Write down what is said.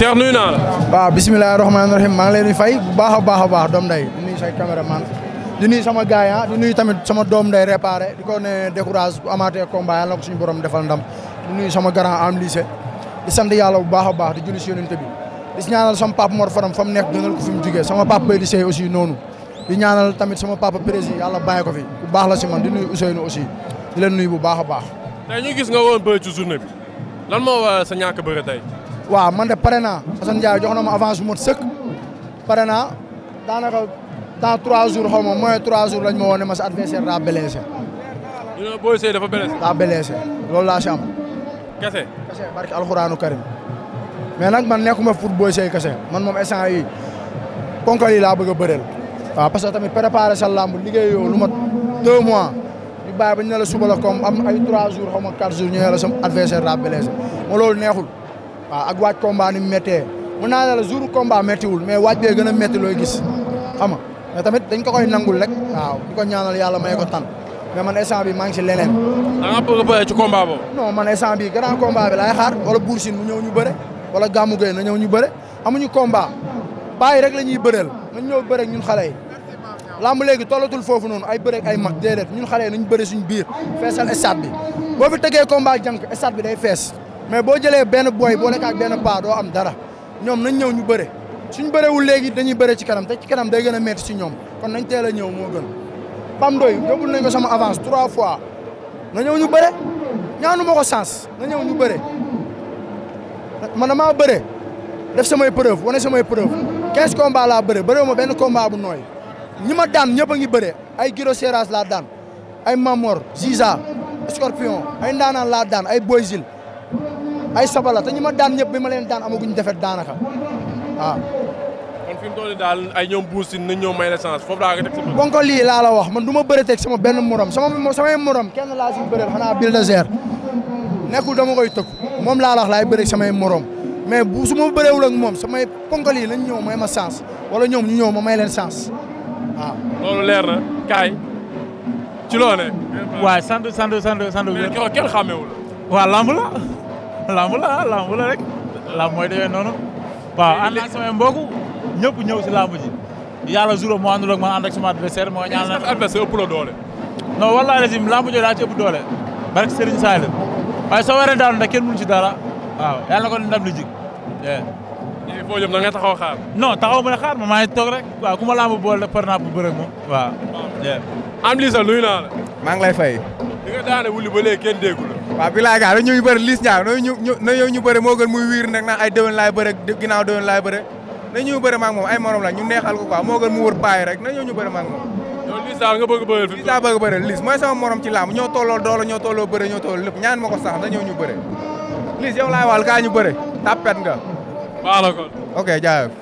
Cheikh nuyu naa la. waaw bisimilah rahmaani rahiim maa leen di fay bu baax a baax a baax doom nday di nuyu sama gars yi ah di nuyu tamit sama doom nday réparé di ko ne décourage bu amaatee combat yàlla ko suñu borom defal ndam di nuyu sama grand am lycée di sant yàlla bu baax a baax di julli si yonent bi di ñaanal sama papa Mor Faram fa mu nekk gënal ko fi mu jugee sama papa Baye di Seye aussi noonu di ñaanal tamit sama papa président yàlla bàyyi ko fi bu baax la si man di nuyu Ousseynou aussi di leen nuyu bu baax a baax. gis nga woon bëri ci journée bi lan moo waral sa ñàkk bëre tey waaw man de pare naa Assane Ndiaye jox na ma avance bu mot sëkk pare naa daanaka dans trois jour xaw ma moins trois jours lañ ma woo ma sa adversaire daa blessé. ñu ne Boy Seye dafa loolu laa si kese kese barki alxuraanu karim mais nag man nekkuma pour Boy Seye kese man moom instant yi ponkal yi laa bëgg a bëreel. waaw parce que tamit préparer sa lamb liggéeyoo lu mat deux mois ñu bàyyi ba ñu ne la suba la comme am ay trois jours xaw quatre jours ñu ne la sa adversaire daa blessé ma loolu neexul. waaw ak waaj combat ni mu méttee mun naa ne jour combat méttiwul mais waaj bee gën a métti looy gis xam nga tamit dañ ko koy nangul rek waaw di ko ñaanal yàlla may ko tan mais man instant bi maa ngi si leneen. da nga bëgg a bëre ci combat boobu. non man instant bi grand combat bi laay xaar wala Bour Sine mu ñëw ñu bëre wala Gamou Gueye na ñëw ñu bëre amuñu combat bàyyi rek la ñuy bëreel nañ ñëw bëre ñun xale yi. làmb léegi tollatul foofu noonu ay bëre ay mag déedéet ñun xale yi nañ bëre suñu biir feesal stade bi boo fi tegee combat jànk stade bi day fees. mais boo jëlee benn booy boole ko ak benn paa doo am dara ñoom nañ ñëw ñu bëre suñ bërewul léegi dañuy bëre ci kanam te ci kanam day gën a métti si ñoom kon nañ teel a ñëw moo gën Pam Doy yóbbul nañ ko sama avance trois fois na ñëw ñu bëre ñaanu ma ko sens na ñëw ñu bëre man damaa sama def samay preuve wane samay preuve quinze combats laa bëre bëre ma benn combat bu nooy ñi ma daan ñëpp a ngi bëre ay Giro Seras laa daan ay Mamor Ziza Scorpion ay Ndaanaan laa daan ay Boyzil ay sabal la te ñi ma daan ñëpp ma leen daan amaguñ defet daanaka waaw. kon fi mu toll daal ay ñoom nañ ñëw may la chance foofu laa ko teg sama. bon ko lii laa la wax man du ma bëreeteeg sama benn morom sama samay morom kenn laa si bëreel xanaa Bulldozer nekkul dama koy tëkk moom laa la wax laay bëreeg samay morom mais bu su ma bëreewul ak moom samay ponkal yi lañ ñëw may ma chance wala ñoom ñu ñëw ma may leen chance waaw. loolu ci loo ne. waaw sant sant sant sant. mais keroog kenn xàmmewul. waaw lamb la. lamb la lamb la rek lamb mooy demee noonu. waaw ànd ak samay mbokk ñëpp ñëw si lamb ji. yàlla jour mu àndul ak man ànd ak sama adversaire moo ñaan la adversaire ëpp la doole. non wallaahi lazim lamb jooju daa ci ëpp doole. barke Serigne Sall waaye soo waree daanu nag kenn mënu ci dara na ko ndam li jig. léegi foo jëm da nga taxaw xaar. non taxaw ma ne xaar ma maa ngi toog rek. waaw ku ma boole par bu bëre moom waaw. am lii sax nuyu naa la. maa ngi lay fay. li nga daane waaw bi laay gaa dañu ñu bëri na ñu na yow ñu bëri moo gën muy wiir nag naan ay déwén laay bëre ginnaaw déwén laay bëre na ñu morom la ñu neexal ko quoi moo gën mu wër paay rek na ñëw ñu bëri maag moom yow Liss daal nga bëgg bëre Liss morom ci làmb ñoo tolloo doole ñoo tolloo bëre ñoo tolloo lépp ñaan ma ko sax na ñëw ñu bëre Liss yow laay waal kaa ñu bëre tapet nga baax na kon ok